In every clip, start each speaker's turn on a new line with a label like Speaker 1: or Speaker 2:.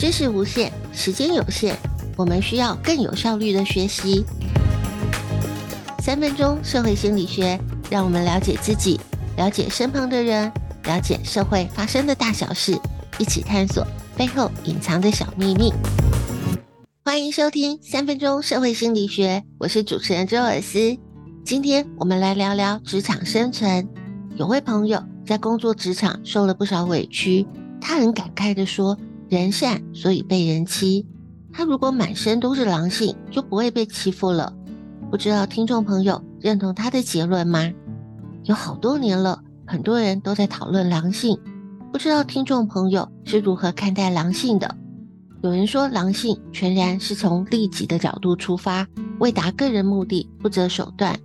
Speaker 1: 知識無限，時間有限，我們需要更有效率的學習。三分鐘社會心理學，讓我們了解自己，了解身旁的人，了解社會發生的大小事，一起探索背後隱藏的小祕密。歡迎收聽三分鐘社會心理學，我是主持人周爾思。今天我們來聊聊職場生存。有位朋友在工作職場受了不少委屈，他很感慨地說。人善所以被人欺，他如果滿身都是狼性，就不會被欺負了。不知道聽眾朋友認同他的結論嗎？有好多年了，很多人都在討論狼性，不知道聽眾朋友是如何看待狼性的？有人說狼性全然是從利己的角度出發，為達個人目的不擇手段。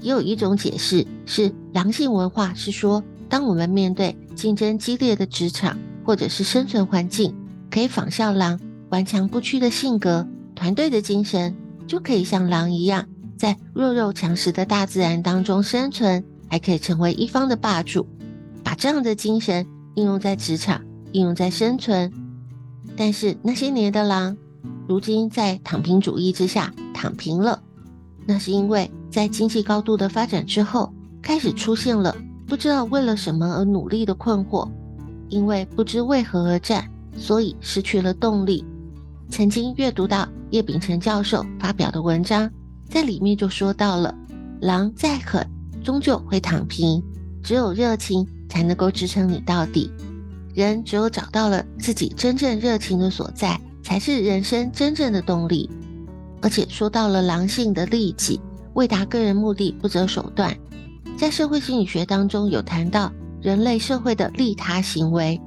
Speaker 1: 也有一種解釋是，狼性文化是說，當我們面對競爭激烈的職場或者是生存環境，可以仿效狼頑強不屈的性格、團隊的精神，就可以像狼一樣，在弱肉強食的大自然當中生存，還可以成為一方的霸主。把這樣的精神應用在職場，應用在生存。但是那些年的狼，如今在躺平主義之下躺平了。那是因為在經濟高度的發展之後，開始出現了不知道為了什麼而努力的困惑，因為不知為何而戰。所以失去了動力。曾經閱讀到葉秉承教授發表的文章，在裡面就說到了狼再狠，終究會躺平，只有熱情才能夠支撐你到底。人只有找到了自己真正熱情的所在，才是人生真正的動力。而且說到了狼性的利己，為達個人目的不擇手段。在社會心理學當中有談到人類社會的利他行為，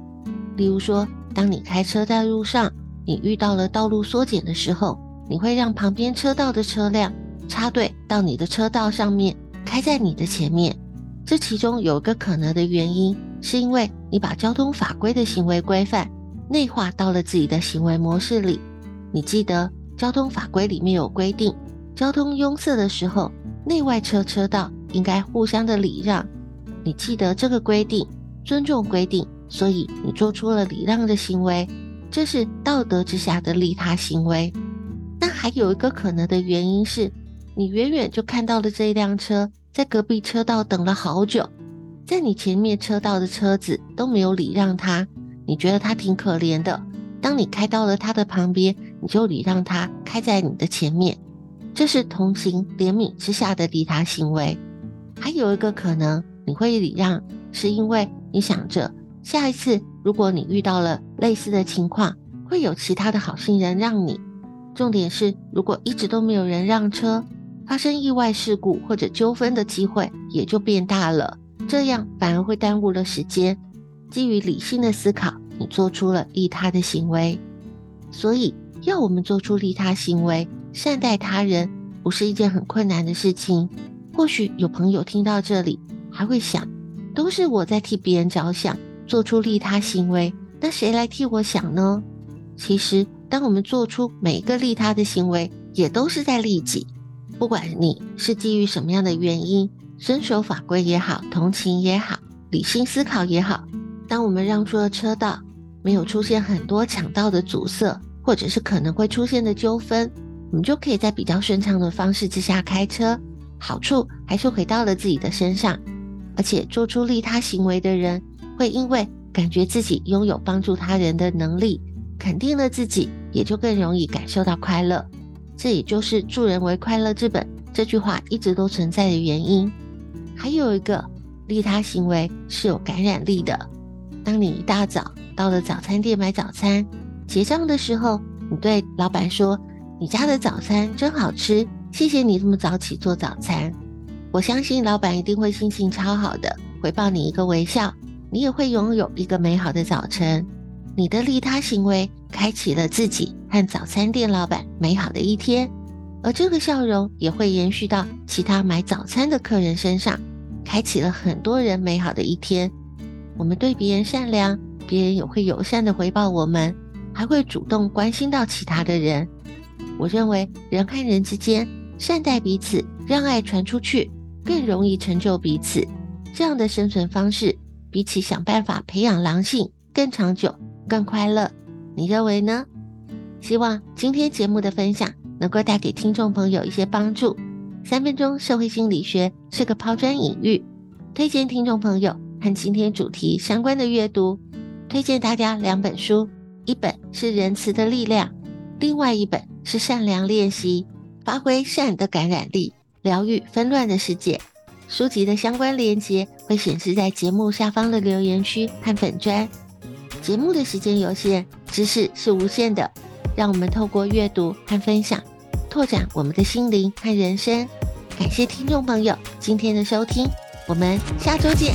Speaker 1: 例如說。當你開車在路上，你遇到了道路縮減的時候，你會讓旁邊車道的車輛插隊到你的車道上面，開在你的前面。這其中有一個可能的原因，是因為你把交通法規的行為規範內化到了自己的行為模式裡。你記得交通法規裡面有規定，交通擁塞的時候，內外車車道應該互相的禮讓。你記得這個規定，尊重規定。所以你做出了禮讓的行為，這是道德之下的利他行為。那還有一個可能的原因是，你遠遠就看到了這一輛車，在隔壁車道等了好久，在你前面車道的車子都沒有禮讓他，你覺得他挺可憐的。當你開到了他的旁邊，你就禮讓他開在你的前面，這是同情憐憫之下的利他行為。還有一個可能，你會禮讓，是因為你想着。下一次，如果你遇到了類似的情況，會有其他的好心人讓你。重點是，如果一直都沒有人讓車，發生意外事故或者糾紛的機會也就變大了。這樣反而會耽誤了時間。基於理性的思考，你做出了利他的行為。所以，要我們做出利他行為，善待他人，不是一件很困難的事情。或許有朋友聽到這裡，還會想，都是我在替別人着想。做出利他行為，那誰來替我想呢？其實，當我們做出每一個利他的行為，也都是在利己。不管你是基於什麼樣的原因，遵守法規也好，同情也好，理性思考也好，當我們讓出了車道，沒有出現很多搶道的阻塞，或者是可能會出現的糾紛，我們就可以在比較順暢的方式之下開車。好處還是回到了自己的身上，而且做出利他行為的人，會因為感覺自己擁有幫助他人的能力，肯定了自己，也就更容易感受到快樂。這也就是“助人為快樂之本”這句話一直都存在的原因。還有一個，利他行為是有感染力的。當你一大早到了早餐店買早餐，結賬的時候，你對老板說：“你家的早餐真好吃，謝謝你這麼早起做早餐。”我相信老板一定會心情超好的，回報你一個微笑。你也會擁有一個美好的早晨。你的利他行為開啟了自己和早餐店老板美好的一天，而這個笑容也會延續到其他買早餐的客人身上，開啟了很多人美好的一天。我們對別人善良，別人也會友善地回報我們，還會主動關心到其他的人。我認為人和人之間善待彼此，讓愛傳出去，更容易成就彼此。這樣的生存方式。比起想辦法培養狼性，更長久、更快樂，你認為呢？希望今天節目的分享能夠帶給聽眾朋友一些幫助。三分鐘社會心理學是個拋磚引玉，推薦聽眾朋友和今天主題相關的閱讀，推薦大家兩本書，一本是《仁慈的力量》，另外一本是《善良練習：發揮善的感染力，療癒紛亂的世界》。書籍的相關連結。會顯示在節目下方的留言區和粉專。節目的時間有限，知識是無限的，讓我們透過閱讀和分享，拓展我們的心靈和人生。感謝聽眾朋友今天的收聽，我們下周見。